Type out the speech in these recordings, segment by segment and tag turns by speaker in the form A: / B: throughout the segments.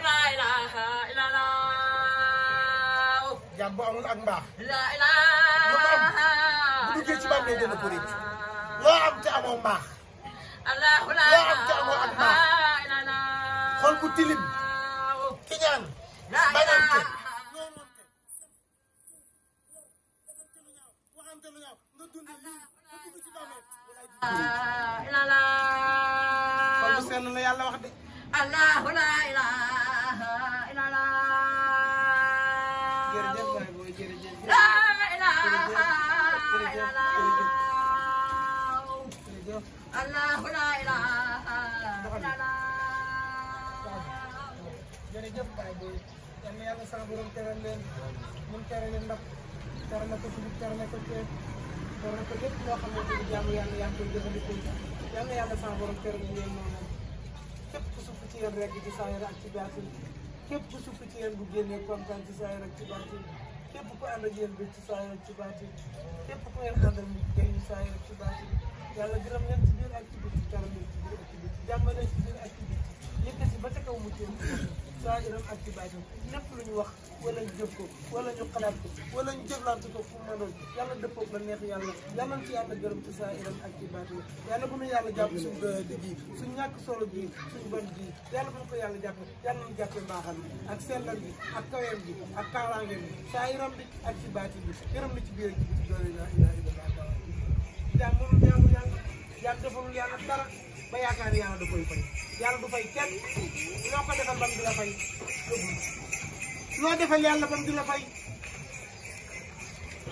A: laa ilaaha illallaah. jàmm bu amul ak mbaax. laa ilaaha bu duggee ci bàmmeel dana ko rëcc. loo am te amoo mbaax. loo am te amoo ak mbaax. xol bu tilim. ki ñaan. bañante. xol bu sell la yàlla wax de. Allah la ilaha jërëjëf baay booy yal na yàlla sama borom teral leen mun teral leen ndax teral na ko ci teral na ko ceeb teral na ko lépp loo xam ne di jaamu yàlla yaa ngi koy jëfandikoo yal na yàlla sama borom teral leen noonu képp ku suuf ci yéen rek ci saa yore ak ci baatu képp ku sukk ci yéen bu génnee kontaan ci saay rek ci baati képp ku ànd ak ci saay rek ci baati képp ku ngeen àndal mu génn saay rek ci baati yàlla gërëm leen ci biir ak ci biti kanam leen ci biir ak ci biti jàmbaleen ci biir ak ci biti yëkkati ba ca kaw mu jëm saa iram ak ci baatin lépp lu ñu wax wala ñu jëf ko wala ñu xalaat ko wala ñu jëflante ko fu mu mënoon yàlla dëppoo la neex yàlla yàlla ci yàlla gërëm ci saa iram ak ci baatin yàlla bu ñu yàlla jàpp suñ di ji suñ ñàkk solo ji suñ bon ji yàlla bu ñu ko yàlla jàpp yàlla ñu jàppe mbaaxal bi ak sellal bi ak kaweem bi ak kaaraangeem bi saa iram bi ak ci baatin bi gërëm na ci biir ji bi yàlla jàmm ba yaakaar yàlla da koy fay yàlla du fay kenn loo ko defal ba mu di la fay loo defal yàlla ba di la fay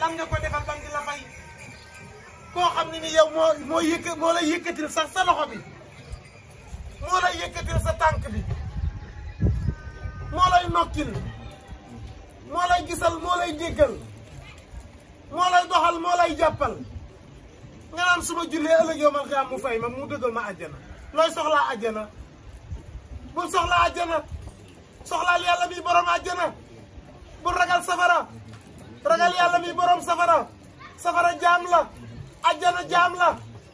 A: lan nga ko defal ba di la fay koo xam ne ni yow moo moo yëkk moo lay yëkkatil sax sa loxo bi moo lay yëkkatil sa tànk bi moo lay nokkil moo lay gisal moo lay jéggal moo lay doxal moo lay jàppal nga naan suma julle ëllëg yow man xiyaam mu fay ma mu dëggal ma àjjana looy soxlaa àjjana bul soxlaa àjjana soxlaal yalla bi borom aljana bu ragal safara ragal yalla bi borom safara safara jam la aljana jam la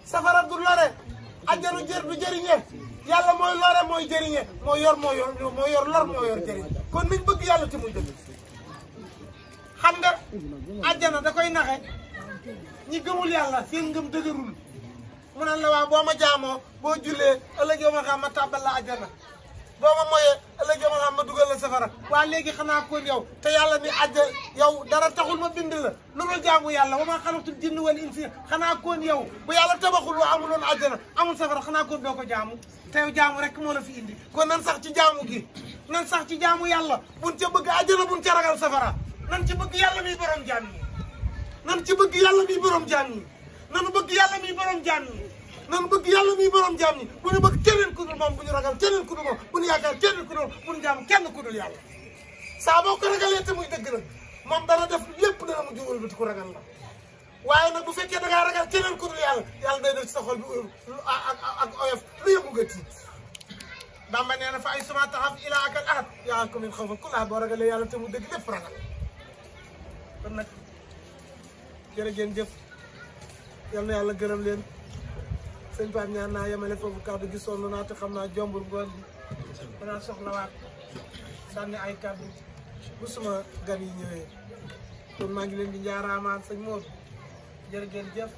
A: safara du lore aljana jër du jëriñe yalla moy lore moy jëriñe moy yor moy yor moy yor lor moy yor jëriñ kon niñ bëgg yalla ci mu jëg xam nga aljana da koy naxé ñi gëmul yàlla seen ngëm dëgërul mu naan la waa boo ma jaamoo boo jullee ma xam ma tàbbal la àjjana boo ma moyee ëllëg ma xam ma dugal safara waa léegi xanaa kon yow te yàlla ni àjja yow dara taxul ma bind la lu ma jaamu yàlla wa ma xalaqtul jinna wal insa xanaa kon yow bu yàlla tabaxul waa amuloon àjjana amul safara xanaa kon doo ko jaamu te yow jaamu rek moo fi indi kon nan sax ci jaamu gi nan sax ci jaamu yàlla buñ ca bëgg àjjana buñ ragal safara nan ci bëgg yàlla miy nan ci bëgg yàlla miy borom jaam ñi nanu bëgg yàlla miy borom jaam ñi nanu bëgg yàlla miy borom jaam ñi bu ñu bëgg keneen ku dul moom bu ñu ragal keneen ku dul moom bu ñu yaakaar keneen ku ñu jaam kenn ku dul yàlla saa boo ko muy dëgg nag moom dana def lépp dana mu jówal bati ko ragal la waaye nag bu fekkee da ngaa ragal keneen ku dul yàlla yàlla day def ci sa xol bi ak ak oyof lu yëngu nga tiit Bamba nee fa ay suma taxaf ila akal ahat yaa xaw fa ku boo ragalee yàlla te mu dëgg lépp ragal kon nag jërë ngeen jëf yal na yàlla gërëm leen sëñ Pape ñaan naa yemale foofu kàddu gi sonn naa te xam naa jombur ngoon bi danaa soxlawaat sànni ay kàddu bu suma gan yi ñëwee kon maa ngi leen di njaaraamaan sëñ Modou jërë ngeen jëf